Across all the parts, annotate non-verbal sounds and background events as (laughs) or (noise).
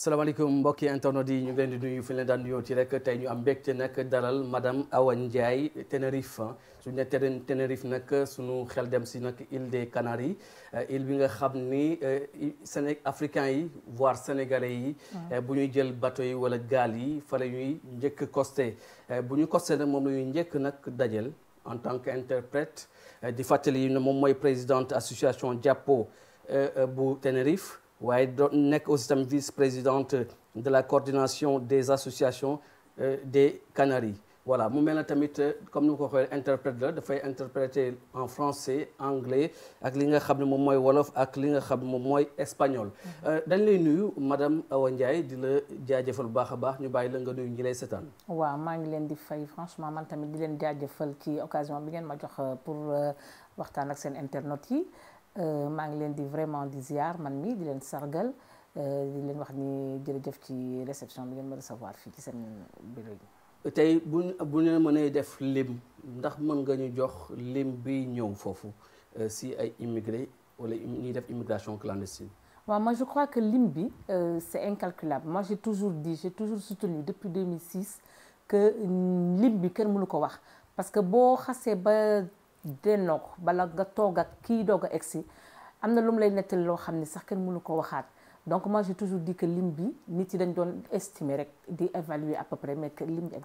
salaamaaleykum mbokki internet yi ñu ngi leen di nuyu fi leen daan nuyooti rek tey ñu am mbégte nag dalal madame Awa Ndiaye Tenerife suñu ne Tenerife nag suñu xel dem si nag île des Canaries euh, île bi nga xam ni euh, Séné africains yi voir sénégalais yi. Euh, bu ñuy jël bateau yi wala gaal yi fale la njëkk costé bu ñu costé nag moom la njëkk nag dajal en tant que interprète di fàttali ne moom mooy présidente association Jàppo bu Tenerife. waaye doon nekk aussi tam vice présidente de la coordination des associations euh, de Canaries voilà mu mel na tamit euh, comme ni ma ko waxee interprète la dafay interpréter en français anglais ak li nga xam ne moom mooy wolof ak li nga xam ne moom mooy espagnol. Mm-hmm. Euh, dañ lay nuyu madame Awa Ndiaye di la jaajëfal bu baax a baax ñu bàyyi la nga nuyu ñi lay seetaan. waaw maa ngi leen di fay franchement man tamit di leen jaajëfal ci occasion bi ngeen ma jox pour waxtaan ak seen internautes yi. Euh, maa ngi leen di vraiment di ziar man mii di leen sargal euh, di leen wax ni jërëjëf ci réception bi ngeen ma recevoir fii ci seen bureau yi. tey bu bu ñu mënee def lim ndax mën nga ñu jox lim bi ñëw foofu euh, si ay immigré wala ñuy def immigration clandestine. waa moi je crois que lim bi c'est incalculable moi j'ai toujours dit j'ai toujours soutenu depuis 2006 que lim bi kenn mënu ko wax parce que boo xasee ba. dennoo ko bala nga toog ak kii doog a egsi am na lu mu lay nettali loo xam ne sax kenn mënu ko waxaat donc moi j'ai toujours dit que lim bi nit yi dañ doon estimer rek di évaluer à peu près mais que lim bi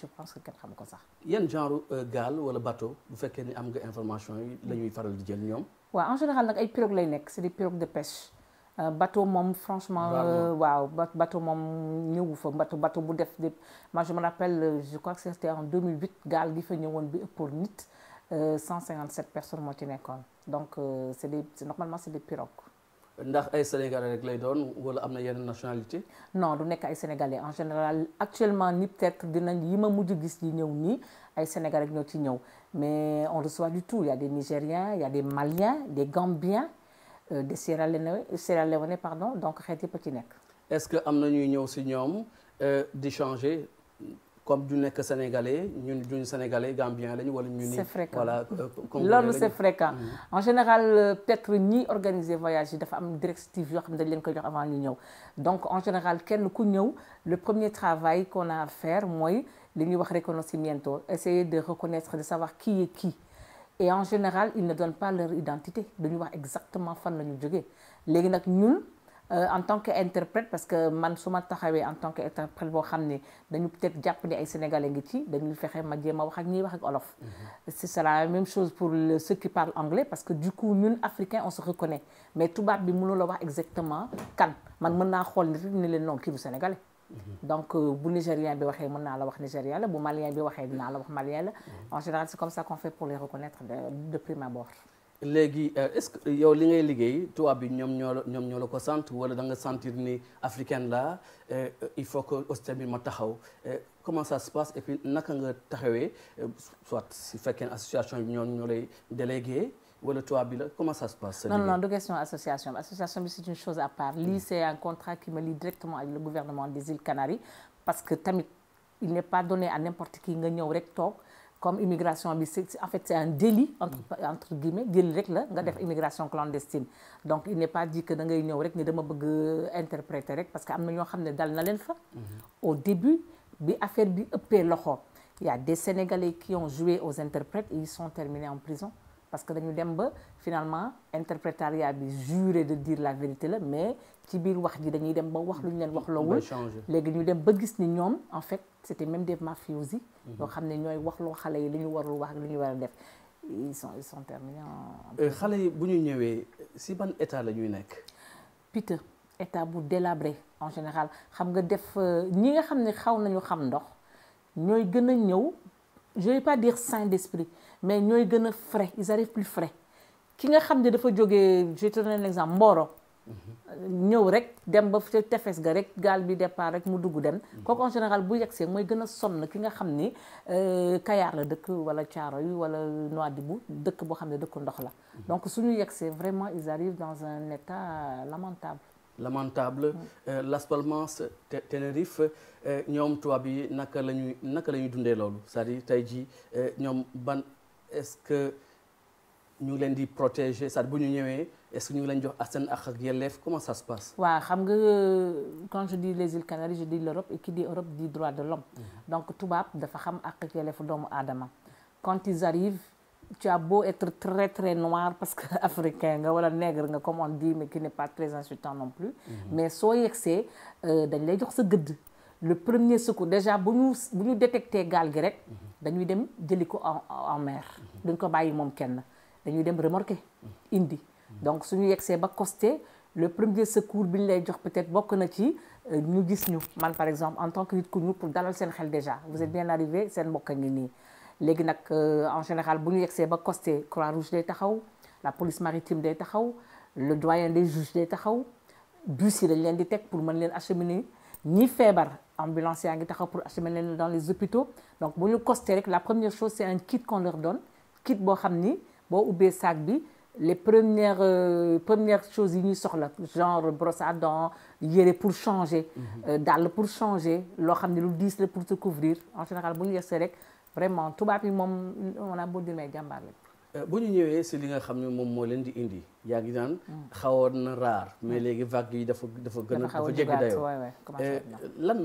je pense que kenn xam ko sax. yan genre euh, gaal wala bateau bu fekkee ni am nga information yi la ñuy faral di jël ñoom. waaw en général nag ay pirogue lay nekk c'est des pirogues de pêche. Euh, bateau moom franchement euh, waaw bateau moom ñëwu fa bato bateau bu def de moi je me rappelle je crois que en gaal gi fa ñëwoon bi ëppoon nit. Euh, cent cinquante sept personnes moo ci nekkoon donc euh, c' est des normalement c' est des pirogues. ndax ay sénégalais rek lay doon wala am na yenn nationalité. non du nekk ay sénégalais en général actuellement ni peut-être dinañ yi ma mujj gis yi ñëw nii ay sénégalais rek ñoo ci ñëw mais on reçoit du tout il y a des nigériens il y a des maliens des gambiens euh, des sierra léonais sierra pardon donc xeet yëpp a ci nekk. est-ce que am na ñuy ñëw si ñoom euh, di changer. comme du nekk sénégalais ñun duñ sénégalais gambien lañu wala ñu ni voilà loolu c'est fréquent euh, mm-hmm. en général euh, peut-être ñiy organiser voyage yi dafa am directive yoo xam ne dañ leen koy jox avant ñu ñëw donc en général kenn ku ñëw le premier travail qu'on a à faire mooy li ñuy wax reconocimiento essayer de reconnaître de savoir qui est qui et en général ils ne donnent pas leur identité dañu wax exactement fan la ñu jógee léegi nag ñun Euh, en tant que interprète parce que man su ma taxawee en tant que interprète boo xam ne dañu peut-être jàpp ni ay sénégalais ngi ci dañuy fexe ma jéem a wax ak ñiy wax ak olof. Mm-hmm. c'est la même chose pour ceux qui parlent anglais parce que du coup ñun africain on se reconnaît mais tubaab bi mënu la wax exactement kan man mën naa xool nit leen non kii du sénégalais. Mm-hmm. donc euh, bu nigérien bi waxee mën naa la wax nigérien la bu malien bi waxee dinaa la wax malien la. Mm-hmm. en général c'est comme ça qu'on fait pour les léegi euh, est-ce que yow li ngay liggéey tubaab bi ñoom ñoo la ñoom ñoo la ko sant wala da nga sentir ni africaine la euh, il faut que aussi tamit ma taxaw euh, comment ça se passe et naka nga taxawee soit si fekkee association bi ñoom ñoo lay délégué wala tubaab bi la comment ça se passe. non non du question association association c'est une chose à part lii hmm. c'est un contrat qui me lie directement avec le gouvernement des îles Canaries parce que tamit il n'est pas donné à n'importe qui nga ñëw rek toog. comme immigration bi c'est en fait c'est un délit entre entre délit rek la nga def immigration clandestine donc il n'est pas dit que da ngay ñëw rek ni dama bëgg interpréter rek parce que am na ñoo xam ne dal na leen fa mm-hmm. au début bi affaire bi ëppee loxo y a des Sénégalais qui ont joué aux interprètes et ils sont terminés en prison parce que dañu dem ba finalement interprétariat bi juré de dire la vérité la mais ci biir wax ji dañuy dem ba wax lu ñu leen wax loowul léegi ñu dem ba gis ni ñoom en fait c'était même des mafiosi mhm. yoo xam ne ñooy wax loo xale yi li ñuy warul wax lu li ñu war a def ils sont ils sont terminés en euh, xale yi bu ñuy ñëwee si ban état la nekk piteux état bu délabré en général xam nga def euh, ñi nga xam ne xaw nañu xam ndox ñooy gën a ñëw je vais pas dire sain d'esprit mais ñooy gën a frais ils arrivent plus frais ki nga xam ne dafa jóge je te exemple l'exemple ñëw rek dem ba ca tefes ga rek gaal bi départ rek mu dugg dem mhm. kooku en général bu yegsee mooy gën a sonn ki nga xam ni euh, Kayaar la dëkk wala Thiaroye wala bu dëkk boo xam ne dëkk ndox la mhm. donc su suñu yegsee vraiment ils arrivent dans un état lamentable lamentable mhm. euh, Las Palmas Tenerife euh, ñoom tubaab yi naka la ñuy naka la ñuy dundee loolu c'est-à-dire tey ñoom est-ce que ñu ngi leen di protéger sax bu ñu ñëwee est-ce que ñu ngi leen jox seen ak ak yelleef comment ça se passe. waaw xam nga quand je dis les îles Canaries je dis l'Europe et qui dit Europe dit droit de l'homme mhm. donc tubaab dafa xam ak ak yelleefu doomu aadama. quand ils arrivent tu as beau être très très noir parce que (laughs) africain nga wala nègre nga comme on dit mais qui n'est pas très insultant non plus. Mhm. mais soo yegsee euh, dañ lay jox sa gëdd. le premier secours déjà bu ñu bu ñu détecté gaal gi rek dañuy dem jëli ko en en mer duñ ko bàyyi moom kenn dañuy dem remorquer indi donc su suñu yegsee ba costé le premier secours bi ñu lay jox peut bokk na ci euh, ñu gis ñu man par exemple en tant que nit ku ñu pour dalal seen xel déjà vous êtes bien arrivé seen mbokk a ngi nii léegi nag euh, en général bu ñu yegsee ba costé Croix-Rouge day taxaw la police maritime day taxaw le doyen des juges day taxaw bus yi dañ leen di teg pour mën leen acheminer ñi feebar ambulance yaa ngi taxaw pour assumer leen dans les hôpitaux donc bu ñu costé rek la première chose c'est un kit qu'on leur donne kit boo xam ni boo ubbee sac bi les premières euh, premières choses yi ñuy soxla genre brosse à dents yére pour changer mhm. euh, dàll pour changé loo xam ne lu diis la pour se couvrir en général bu ñu yegsee rek vraiment tubaab yi moom on a beau dire mais jàmbaar la Euh, bu ñu ñëwee si li nga xam ne moom moo leen di indi yaa ngi naan mm. xawoon na raar mais mm. léegi vague yi dafa dafa gën a dafa jéggi dayoo euh, lan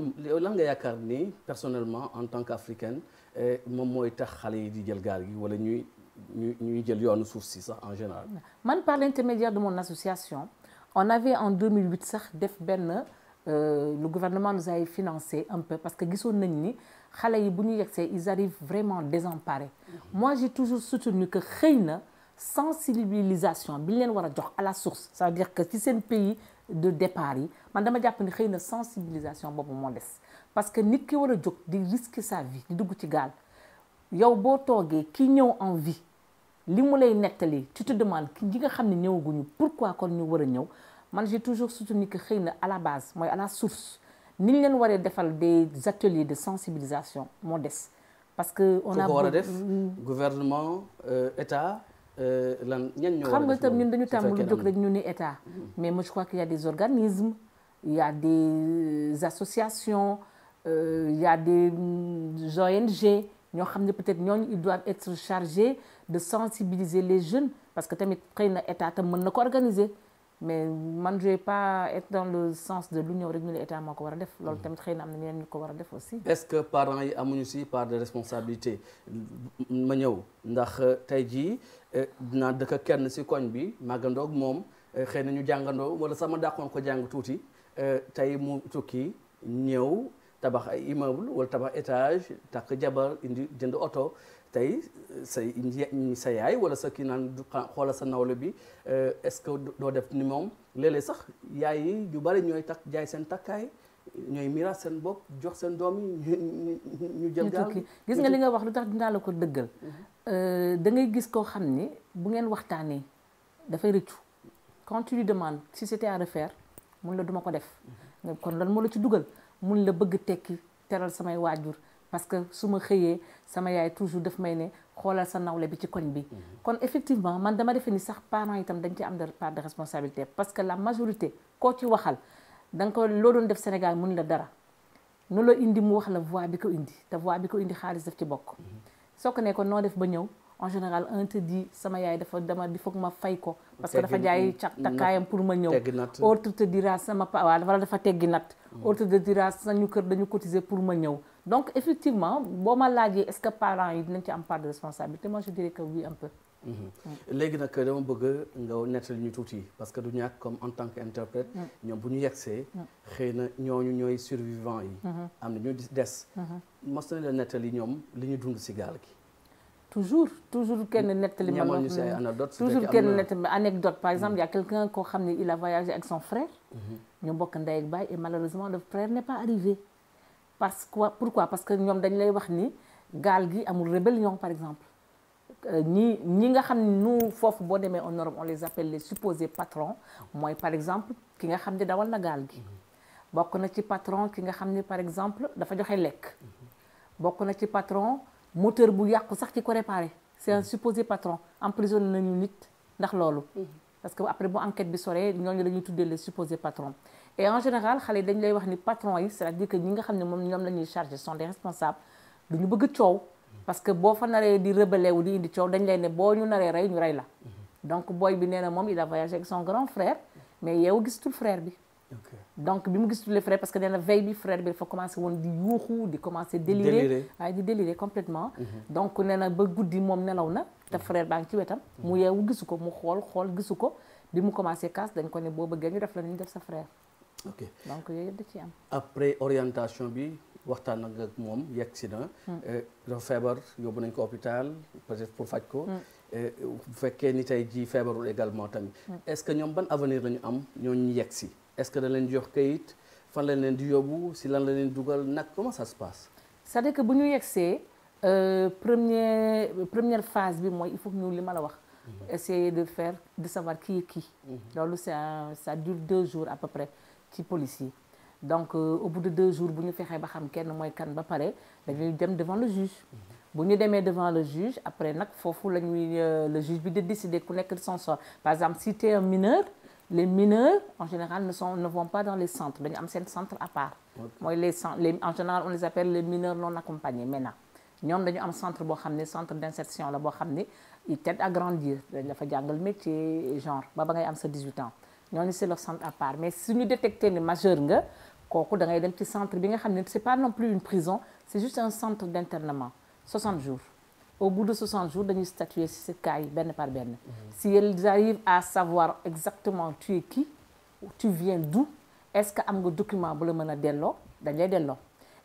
lan nga yaakaar nii personnellement en tant que qu'africaine euh, moom mooy tax xale yi di jël gaal gi wala ñuy ñuy ñuy jël yoonu suuf si sax en général man par l'intermédiaire de mon association on avait en 2008 sax def benn le gouvernement nous avait financé un peu parce que gisoon nañ ni xale yi bu ñu yegsee ils arrivent vraiment désemparés mm-hmm. moi j'ai toujours soutenu que xëy na sensibilisation bi leen war a jox à la source ça veut que ci seen pays de départ yi man dama jàpp ni xëy na sensibilisation boobu moo des parce que nit ki war a jóg di risquer sa vie di dugg ci gaal yow boo toogee ki ñëw en vie li mu lay nettali tu te demandes ki nga xam ne ñëwaguñu pourquoi kon ñu war a ñëw man j'ai toujours soutenu que xëy na à mooy à la ni ñu leen waree defal des ateliers de sensibilisation moo des parce que on a war a def mm. gouvernement euh, état euh, lan ñan ñoo xam nga tam ñun dañu tàmm lu jóg rek ñu ni état mm-hmm. mais moi je crois qu'il y des organismes il y a des euh, associations euh, il y a des mm, ONG ñoo xam ne peut-être ñooñu ils doivent être chargés de sensibiliser les jeunes parce que tamit xëy na état tam mën na ko organiser mais man je vais pas être dans le sens de l'union rek ñu ne état moo ko war a def lool mhm. tamit xëy na am na ñeneen ñu ko war a def aussi est-ce que parents yi am ñu si par de responsabilité ma ñëw ndax euh, tey jii euh, dinaa dëkk kenn si koñ bi màggandoog moom euh, xëy na ñu jàngandoo wala sama dàqoon ko jàng tuuti tey mu tukki ñëw tabax ay immeuble wala tabax étage takk jabar indi jënd oto tey euh, say sa yaay wala sa kii naan xoola sa nawle bi euh, est-ce que doo def ni moom léeg sax yaay yi ñu bari ñooy takk jaay seen takkaay ñooy miraas seen bopp jox seen doom yi ñu jël gaal gis nga li nga wax lu tax dinaa la ko dëggal mhm. euh, da ngay gis koo xam ni bu ngeen waxtaanee dafay rëccu quand tu lui demandes si c'était à refaire mun la duma ko def mhm. kon lan moo la ci dugal mun la bëgg tekki teral samay waajur parce que su ma xëyee sama yaay toujours daf may ne xoolal sa nawle bi ci koñ bi. Mhm. kon effectivement man dama defe ni sax parents itam dañ ci am part de responsabilité parce que la majorité koo ci waxal da nga ko loo doon def Sénégal mun la dara nu la indi mu wax la voix bi ko indi te voix bi ko indi xaalis daf ci bokk. Mhm. soo ko nekkoon noo def ba ñëw en général un te sama yaay dafa dama di foog ma fay ko. parce que dafa jaay càq takkaayam pour ma ñëw. autre te dira sama pa wala dafa teggi nat. Mhm. autre te dira sañu kër dañu cotiser pour ma ñëw. donc effectivement boo ma laajee est-ce que parents yi dinañ ci am part de responsabilité moi je dirais que oui un peu. Mm-hmm. léegi nag dama bëgg nga nettali ñu tuuti parce que du ñàkk comme en tant qu'interprète. Mm. ñoom bu ñu yegsee. Mm. xëy na ñooñu ñooy survivants yi. Mm-hmm. am na ñu des. Mm-hmm. mos na la nettali ñoom li ñu dund si gaal gi. toujours toujours kenn nettali ma loo par exemple y' a mm. koo xam ne il a voyagé avec son frère. ñu bokk baay et malheureusement le frère n'est pas arrivé. parce que pourquoi parce que ñoom dañ lay wax ni gaal gi amul rébellion par exemple euh, ñi ñi nga xam ne nous foofu boo demee on Europe on les appelle les supposés patrons mooy par exemple ki nga xam ne dawal na gaal gi bokk na ci patron ki nga xam ni par exemple dafa joxe lekk bokk na ci patron moteur bu yàqu sax ci ko réparé c'est un supposé patron emprisonné nañu nit ndax loolu mhm. parce que après bu enquête bi soree ñooñu la ñuy tuddee les supposés patrons et en général xale yi dañ lay wax ni patron yi c'est-à-dire que ñi nga xam ne moom ñoom la ñuy chargé sont des responsables du ñu bëgg coow parce que boo fa naree di rebelle wu di indi coow dañ lay ne boo ñu naree rey ñu rey la donc booy bi nee na moom il a voyagé avec son grand frère mais yeewu gisul frère bi donc bi mu gisul le frère parce que nee na veille bi frère bi dafa commencé woon di yuuxu di commencé délirer waaye di délirer complètement mhm. donc nee na ba guddi moom nelaw na te frère baa ngi ci wetam. mu yeewu gisu ko mu xool xool gisu ko bi mu commencé kaas dañ ko ne boo bëggee ñu def la ñu def sa frère. ok donc yooyu yëpp da ciy am. après orientation bi waxtaan ak ak moom yegg si na. Hmm. Eh, dafa feebar yóbbu nañ ko hôpital peut-être pour faj ko. Hmm. Eh, bu fekkee ni tey jii feebarul également tamit. Hmm. est-ce que ñoom ban avenir la ñu am ñooñu yegg si est-ce que dañ leen jox kayit fan lañ leen di yóbbu si lan la leen dugal nag comment sa se passe. c'est-à-dire que bu ñu yegsee Euh, première première phase bi mooy il faut que ñu li ma la wax. Mhm. essayer de faire de savoir qui est qui. Mhm. loolu ça ça dure deux jours à peu près ci police donc euh, au bout de deux jours bu ñu fexee ba xam kenn mooy kan ba pare dañuy dem devant le juge. Mhm. bu ñu demee devant le juge après nag foofu la ñuy euh, le juge bi di décider ku nekk son sort par exemple si t'es un mineur les mineurs en général ne sont ne vont pas dans les centres dañu am seen centre à part. mooy les centres les en général on ñoom dañu am centre boo xam ne centre d'insertion la boo xam ne ils t'aident à dañ la fa jàngal métier genre ba ba ngay am sa 18 ans ñooñu c'est leur centre à part mais suñu détecte ni majeur nga kooku da ngay dem ci centre bi nga xam ne c'est pas non plus une prison c'est juste un centre d'internement 60 jours au bout de 60 jours dañuy statuer si ces cas yi benn par benn mm-hmm. si ils arrivent à savoir exactement tu es qui tu viens d'où est-ce que am nga document bu la mën a delloo dañ lay delloo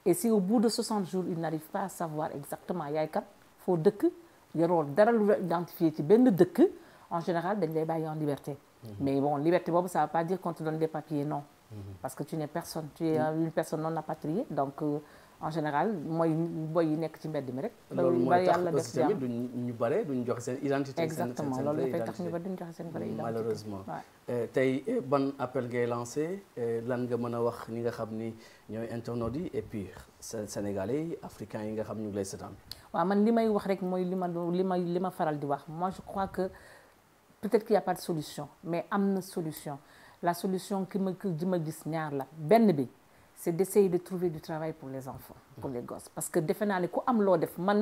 et si au bout de 60 jours il n'arrive pas à savoir exactement yaay kan foo dëkk yoroo dara lu la ci benn dëkk en général dañ lay bàyyi en liberté mhm. mais bon liberté boobu ça veut pas dire qu'on te donne papiers non mhm. parce que tu n'es personne tu es mhm. une personne non rapatriée donc euh, en général mooy boy yi nekk ci mbedd mi rek. loolu mooy tax aussi tamit duñ ñu bare duñ joxe seen identité. seen seen exactement loolu dafay tax ñu bare duñ joxe seen vraie identité malheureusement. Euh, tey euh, ban appel ngay lancé euh, lan nga mën a wax ñi nga xam ni ñooy internautes yi et puis sénégalais yi yi nga xam ñu ngi lay seetaan. waaw man li may wax rek mooy li ma li ma li ma faral di wax moi je crois que peut-être qu'il y a pas de solution mais am na solution la solution ki ma ki ma gis ñaar la benn bi. c'est d'essayer de trouver du travail pour les enfants pour que defe naa ne ku am loo def man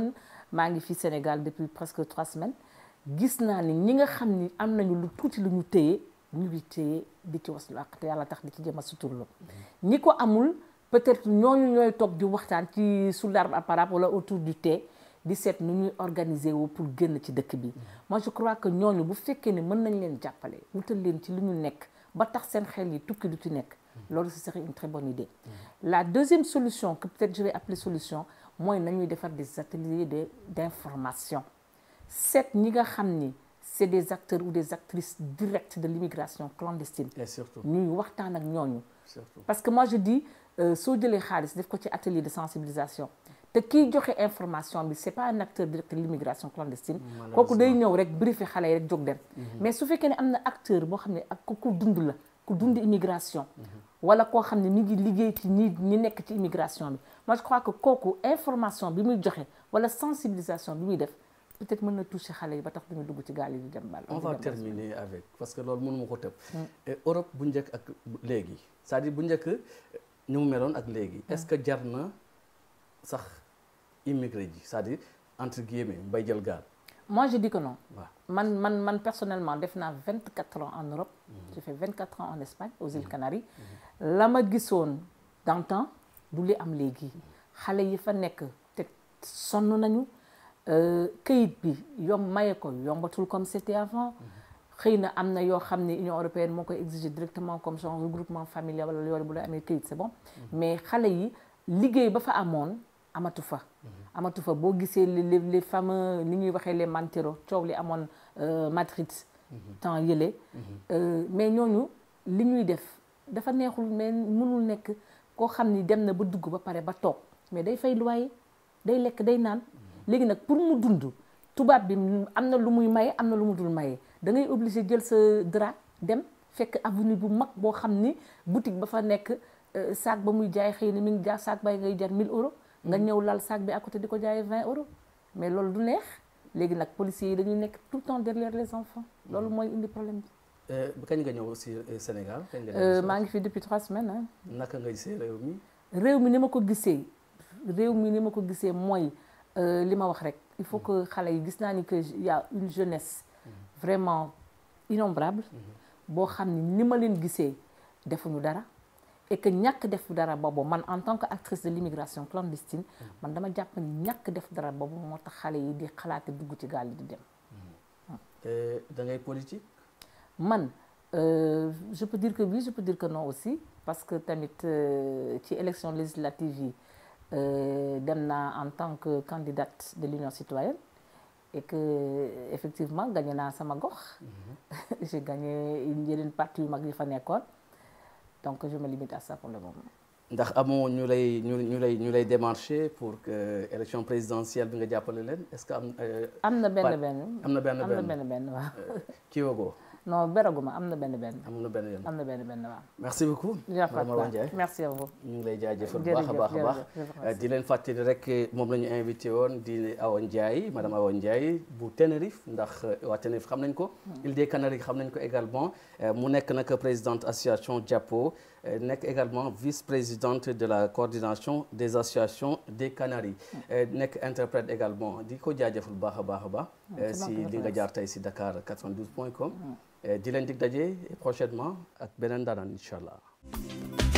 maa ngi fi Sénégal depuis presque trois semaines gis naa ni ñi nga xam ni am nañu lu tuuti lu ñu téye ñu ngi téye di ci was lu àq yàlla tax di ci jëm sutur suturloo ñi ko amul peut-être ñooñu ñooy toog di waxtaan ci sous l'arbre à parape wala autour du thé di seet nu ñuy organiser wu pour génn ci dëkk bi moi je crois que ñooñu bu fekkee ne mën nañ leen jàppale wutal leen ci lu ñu nekk ba tax seen xel yi tukki du ci nekk loolu ce serait une très bonne idée la deuxième solution que peut-être je vais appeler solution mooy nañuy defar des ateliers de d'information seet ñi nga xam ni c'est des acteurs ou des actrices directes de l'immigration clandestine et surtout ñuy waxtaan ak ñooñu parce que moi je dis euh, soo jëlee xaalis def ko ci atelier de sensibilisation te kii joxe information bi c'est pas un acteur direct de l'immigration clandestine kooku day ñëw rek briefé xale yi rek jóg dem mhm. mais su fekkee ne am na acteur boo xam ne ak ku dund la ku dund immigration mhm. wala koo xam ne mi ngi liggéey ci ñi ñi nekk ci immigration bi moi je que kooku information bi muy joxe wala sensibilisation bi muy def peut-être mën na toucher xale yi ba tax duñu dugg ci gaal yi di dem bal on va terminer parce que loolu mënuma ko tëb mm. Europe bu njëkk ak léegi cest à bu njëkk ñu mu meloon ak léegi est-ce mm. que jar na sax immigré ji c'est-à-dire entre jël gaal. moi je dis que non. man man man personnellement def naa vingt quatre ans en Europe. Mm -hmm. j'ai fait vingt quatre ans en Espagne aux mhm. îles Canaries. Mhm. la ma gisoon d'antan du li am léegi xale yi fa nekk te sonn nañu euh, këyit bi yomb maye ko yombatul comme c'était avant. Mhm. xëy na am na yoo xam ne Union européenne moo koy exiger directement comme son regroupement familial wala yooyu bu la amee këyit c'est bon mais xale yi liggéey ba fa amoon. amatu fa amatu fa boo gisee les les fameux ni ñuy waxee les mantero coow li amoon euh, Madrid temps yële euh, mais ñooñu li ñuy def dafa neexul mais mënul nekk koo xam ni dem na ba dugg ba pare ba toog mais day fay loyer day lekk day naan léegi nag pour mu dund tubaab bi am na lu muy maye am na lu mu dul maye da ngay obligé jël sa drap dem fekk avenue bu mag boo xam ni boutique ba fa nekk euh, saag ba muy jaay xëy na mi ngi jaar saag bay ngay jar 1000 euros nga ñëw lal sac bi à côté di ko jaayee 20 euros mais loolu du neex léegi nag policiers yi dañuy nekk tout le temps derrière les enfants loolu mm. mooy indi problème bi. Euh, kañ nga ñëw aussi euh, Sénégal. kañ euh, maa ngi fi depuis 3 semaines naka nga gisee réew mi. réew mi ni ma ko gisee réew mi ni ma ko gisee mooy li ma wax rek il faut mm. que xale yi gis naa ni que y a une jeunesse mm. vraiment innombrable mm-hmm. boo xam ni ni ma leen gisee defuñu dara. et que ñàkk def dara boobu man en tant que actrice de l'immigration clandestine man dama jàpp ñàkk def dara boobu moo tax xale yi di xalaate dugg ci gaal yi di dem. Mm-hmm. da ngay politique. man euh, je peux dire que oui je peux que non aussi parce que tamit euh, ci élection législative yi euh, dem naa en tant que candidate de l'union citoyenne et effectivement gagné naa sama gox. Mm-hmm. (laughs) j'ai gagné yeneen parti yu mag yi fa nekkoon. donc je me limite à ça pour le moment. ndax amoo ñu lay ñu ñu lay ñu lay démarché pour que élection présidentielle bi nga jàppale leen est-ce que am. Euh, am na benn benn am na benn benn am na benn benn waaw. Euh, kii woo ko. non beraguma am na benn benn. am na benn benn am na benn benn waaw. merci beaucoup. jërëjëf merci à vous. ñu ngi lay jaajëfal bu baax a baax a baax. di leen fàttali rek moom la ñu invité woon di Awa Ndiaye madame Awa Ndiaye bu Tenerife ndax euh, waa Tenerife xam nañ ko. Hmm. Île des Canaries xam nañ ko également euh, mu nekk nag présidente association Diapo. Euh, nekk également vice-présidente de la coordination des associations des Canaries hmm. euh, nekk interprète également di ko jaajëfal baax a baax a baax hmm, euh, si li nga jaar tey si Dakar 92 point com hmm. di leen dig daje prochainement ak beneen daanaan incha allah